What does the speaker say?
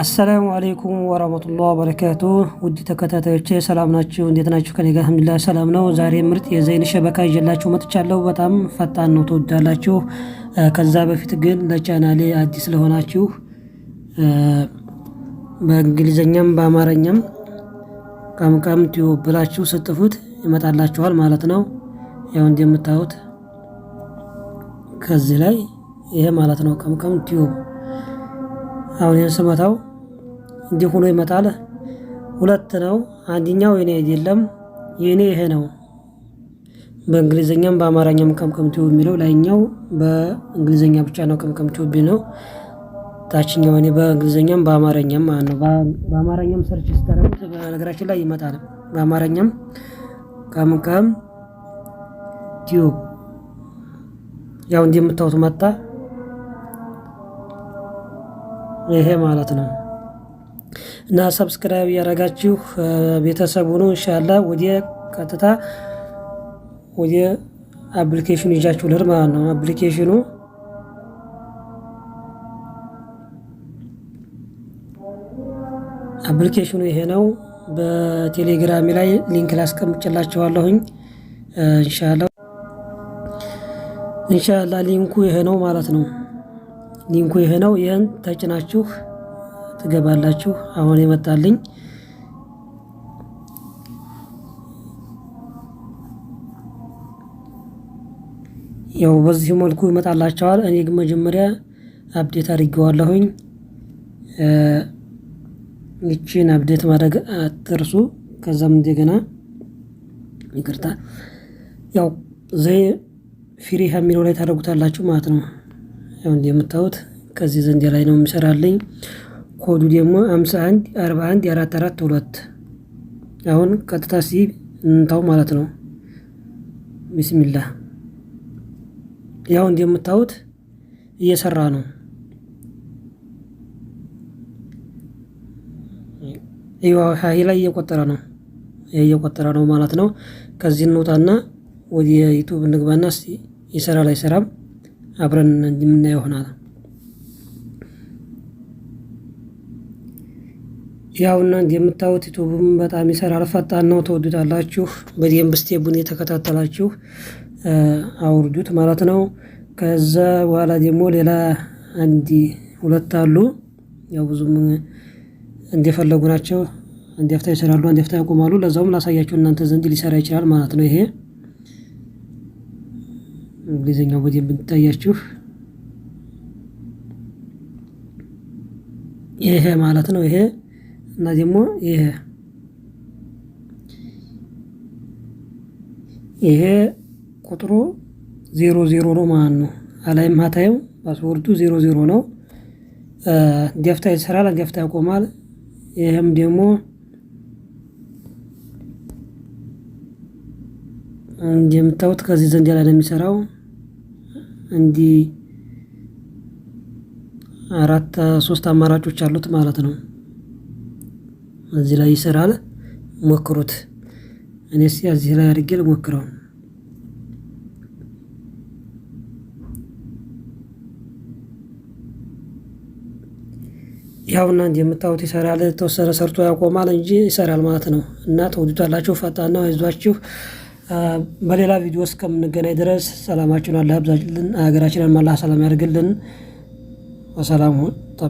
አሰላሙ አሌይኩም ወራህመቱላህ በረካቱ ውድ ተከታታዮቼ ሰላም ናችሁ? እንዴት ናችሁ? ከኔ ጋር አልሐምዱሊላህ ሰላም ነው። ዛሬ ምርጥ የዘይን ሸበካ ይዤላችሁ መጥቻለሁ። በጣም ፈጣን ነው፣ ትወዳላችሁ። ከዛ በፊት ግን ለቻናሌ አዲስ ለሆናችሁ በእንግሊዝኛም በአማርኛም ቀምቀም ቲዩብ ብላችሁ ስጥፉት ይመጣላችኋል ማለት ነው። ያው እንደምታዩት ከዚህ ላይ ይሄ ማለት ነው ቀምቀም ቲዩብ አሁን ይህን ስመታው እንዲህ ሆኖ ይመጣል። ሁለት ነው። አንድኛው የኔ አይደለም የኔ ይሄ ነው። በእንግሊዝኛም በአማርኛም ቀምቀም ቲዩብ የሚለው ላይኛው በእንግሊዝኛ ብቻ ነው። ቀምቀም ቲዩብ ነው ታችኛው እኔ በእንግሊዝኛም በአማርኛም ማለት ነው። በአማርኛም ሰርች ስታረጉት በነገራችን ላይ ይመጣል። በአማርኛም ቀምቀም ቲዩብ ያው እንደምታዩት መጣ። ይሄ ማለት ነው። እና ሰብስክራይብ ያደረጋችሁ ቤተሰብ ነው። እንሻላ ወደ ቀጥታ ወደ አፕሊኬሽኑ ይዣችሁ ልር ማለት ነው። አፕሊኬሽኑ አፕሊኬሽኑ ይሄ ነው። በቴሌግራሚ ላይ ሊንክ ላስቀምጭላችኋለሁኝ። እንሻላ እንሻላ ሊንኩ ይሄ ነው ማለት ነው። ሊንኩ ይህ ነው። ይህን ተጭናችሁ ትገባላችሁ። አሁን የመጣልኝ ያው በዚህ መልኩ ይመጣላቸዋል። እኔ ግን መጀመሪያ አብዴት አድርጌዋለሁኝ። ይቺን አብዴት ማድረግ አትርሱ። ከዛም እንደገና ይቅርታ ያው ዘይ ፍሪ የሚለው ላይ ታደርጉታላችሁ ማለት ነው። ያው እንደምታዩት ከዚህ ዘንድ ላይ ነው የሚሰራልኝ። ኮዱ ደግሞ 51 41 44 2 አሁን ቀጥታ ሲ እንታው ማለት ነው። ቢስሚላ ያው እንደምታዩት እየሰራ ነው። ይኸው ሀሂ ላይ እየቆጠረ ነው እየቆጠረ ነው ማለት ነው። ከዚህ እንውጣና ወደ ዩቱብ እንግባና ይሰራል አይሰራም አብረን የምናየው ይሆናል። ያውና እንደምታዩት ዩቱብም በጣም ይሰራል፣ ፈጣን ነው፣ ተወዱታላችሁ። በደንብ ስቴቡን የተከታተላችሁ አውርዱት ማለት ነው። ከዛ በኋላ ደግሞ ሌላ አንድ ሁለት አሉ። ያው ብዙም እንደፈለጉ ናቸው። እንደፍታ ይሰራሉ፣ እንደፍታ ያቆማሉ። ለዛውም ላሳያችሁ እናንተ ዘንድ ሊሰራ ይችላል ማለት ነው ይሄ እንግሊዝኛው በደንብ እንዲታያችሁ ይሄ ማለት ነው። ይሄ እና ደግሞ ይሄ ይሄ ቁጥሩ ዜሮ ዜሮ ነው ማለት ነው። አላይም ሀታይም ፓስወርዱ ዜሮ ዜሮ ነው። ደፍታ ይሰራል፣ ደፍታ ያቆማል። ይህም ደግሞ የምታዩት ከዚህ ዘንድ ያለ ነው የሚሰራው። እንዲህ አራት ሶስት አማራጮች አሉት ማለት ነው። እዚህ ላይ ይሰራል፣ ሞክሩት። እኔስ እዚህ ላይ አድርጌ ልሞክረው። ያው እና ይሰራል። የተወሰነ ሰርቶ ያቆማል እንጂ ይሰራል ማለት ነው። እና ተወዱታላችሁ። ፈጣን ነው። አይዟችሁ። በሌላ ቪዲዮ እስከምንገናኝ ድረስ ሰላማችን አለ ያብዛልን፣ ሀገራችንን አላህ ሰላም ያደርግልን። በሰላም